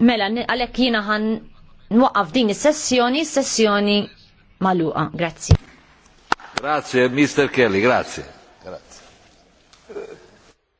Mela, għalek jina għan nwaqqaf din is-sessjoni, sessjoni maluqa. Grazie. Grazie, Mr. Kelly, grazie. Grazie.